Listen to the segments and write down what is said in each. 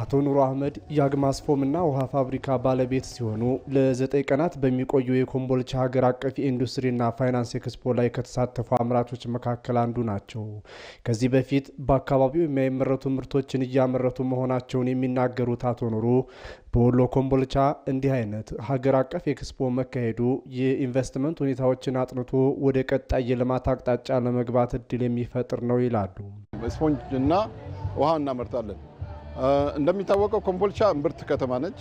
አቶ ኑሮ አህመድ የአግማስፎምና ውሃ ፋብሪካ ባለቤት ሲሆኑ ለዘጠኝ ቀናት በሚቆዩ የኮምቦልቻ ሀገር አቀፍ የኢንዱስትሪና ፋይናንስ ኤክስፖ ላይ ከተሳተፉ አምራቾች መካከል አንዱ ናቸው። ከዚህ በፊት በአካባቢው የማይመረቱ ምርቶችን እያመረቱ መሆናቸውን የሚናገሩት አቶ ኑሮ በወሎ ኮምቦልቻ እንዲህ አይነት ሀገር አቀፍ ኤክስፖ መካሄዱ የኢንቨስትመንት ሁኔታዎችን አጥንቶ ወደ ቀጣይ የልማት አቅጣጫ ለመግባት እድል የሚፈጥር ነው ይላሉ። ስፖንጅና ውሃ እናመርታለን እንደሚታወቀው ኮምቦልቻ እምብርት ከተማ ነች።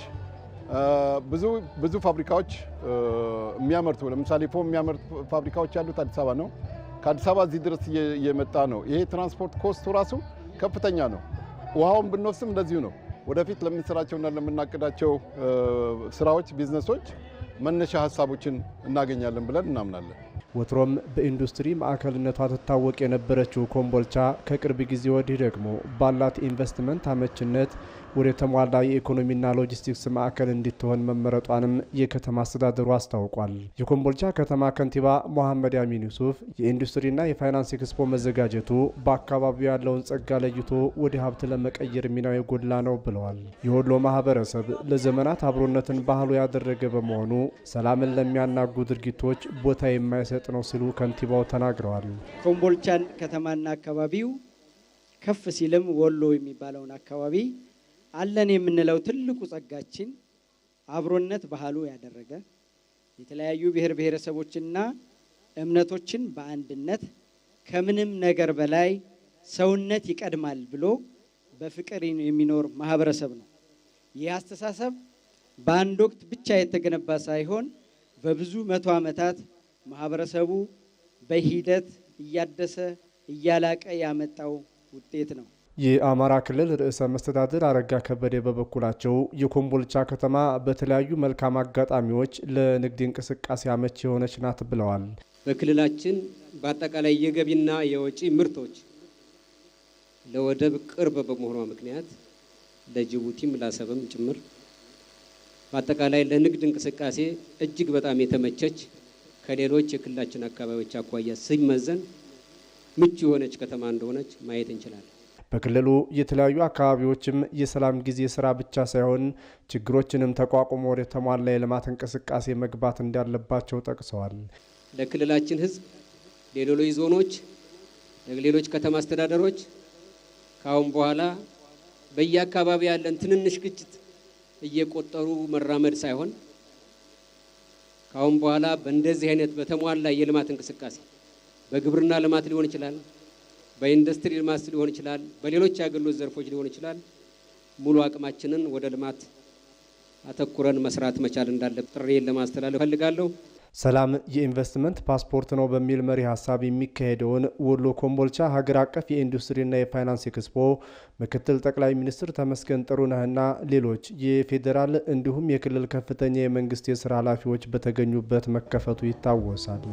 ብዙ ብዙ ፋብሪካዎች የሚያመርቱ ለምሳሌ ፎም የሚያመርቱ ፋብሪካዎች ያሉት አዲስ አበባ ነው። ከአዲስ አበባ እዚህ ድረስ እየመጣ ነው። ይሄ ትራንስፖርት ኮስቱ ራሱ ከፍተኛ ነው። ውሃውን ብንወስም እንደዚሁ ነው። ወደፊት ለምንሰራቸውና ለምናቅዳቸው ስራዎች፣ ቢዝነሶች መነሻ ሀሳቦችን እናገኛለን ብለን እናምናለን። ወትሮም በኢንዱስትሪ ማዕከልነቷ ትታወቅ የነበረችው ኮምቦልቻ ከቅርብ ጊዜ ወዲህ ደግሞ ባላት ኢንቨስትመንት አመችነት ወደ ተሟላ የኢኮኖሚና ሎጂስቲክስ ማዕከል እንድትሆን መመረጧንም የከተማ አስተዳደሩ አስታውቋል። የኮምቦልቻ ከተማ ከንቲባ ሞሐመድ አሚን ዩሱፍ የኢንዱስትሪና የፋይናንስ ኤክስፖ መዘጋጀቱ በአካባቢው ያለውን ጸጋ ለይቶ ወደ ሀብት ለመቀየር ሚናው የጎላ ነው ብለዋል። የወሎ ማህበረሰብ ለዘመናት አብሮነትን ባህሉ ያደረገ በመሆኑ ሰላምን ለሚያናጉ ድርጊቶች ቦታ የማይሰጥ ነው ሲሉ ከንቲባው ተናግረዋል። ኮምቦልቻን ከተማና አካባቢው ከፍ ሲልም ወሎ የሚባለውን አካባቢ አለን የምንለው ትልቁ ጸጋችን አብሮነት ባህሉ ያደረገ የተለያዩ ብሔር ብሔረሰቦችና እምነቶችን በአንድነት ከምንም ነገር በላይ ሰውነት ይቀድማል ብሎ በፍቅር የሚኖር ማህበረሰብ ነው። ይህ አስተሳሰብ በአንድ ወቅት ብቻ የተገነባ ሳይሆን በብዙ መቶ ዓመታት ማህበረሰቡ በሂደት እያደሰ እያላቀ ያመጣው ውጤት ነው። የአማራ ክልል ርዕሰ መስተዳድር አረጋ ከበደ በበኩላቸው የኮምቦልቻ ከተማ በተለያዩ መልካም አጋጣሚዎች ለንግድ እንቅስቃሴ አመች የሆነች ናት ብለዋል። በክልላችን በአጠቃላይ የገቢና የወጪ ምርቶች ለወደብ ቅርብ በመሆኗ ምክንያት ለጅቡቲም ላሰብም ጭምር በአጠቃላይ ለንግድ እንቅስቃሴ እጅግ በጣም የተመቸች ከሌሎች የክልላችን አካባቢዎች አኳያ ሲመዘን ምቹ የሆነች ከተማ እንደሆነች ማየት እንችላለን። በክልሉ የተለያዩ አካባቢዎችም የሰላም ጊዜ ስራ ብቻ ሳይሆን ችግሮችንም ተቋቁሞ ወደ ተሟላ የልማት እንቅስቃሴ መግባት እንዳለባቸው ጠቅሰዋል። ለክልላችን ህዝብ ለሌሎች ዞኖች፣ ለሌሎች ከተማ አስተዳደሮች ካሁን በኋላ በየአካባቢ ያለን ትንንሽ ግጭት እየቆጠሩ መራመድ ሳይሆን ካሁን በኋላ በእንደዚህ አይነት በተሟላ የልማት እንቅስቃሴ በግብርና ልማት ሊሆን ይችላል በኢንዱስትሪ ልማት ሊሆን ይችላል፣ በሌሎች የአገልግሎት ዘርፎች ሊሆን ይችላል። ሙሉ አቅማችንን ወደ ልማት አተኩረን መስራት መቻል እንዳለብን ጥሪዬን ለማስተላለፍ እፈልጋለሁ። ሰላም የኢንቨስትመንት ፓስፖርት ነው በሚል መሪ ሀሳብ የሚካሄደውን ወሎ ኮምቦልቻ ሀገር አቀፍ የኢንዱስትሪና የፋይናንስ ኤክስፖ ምክትል ጠቅላይ ሚኒስትር ተመስገን ጥሩነህና ሌሎች የፌዴራል እንዲሁም የክልል ከፍተኛ የመንግስት የስራ ኃላፊዎች በተገኙበት መከፈቱ ይታወሳል።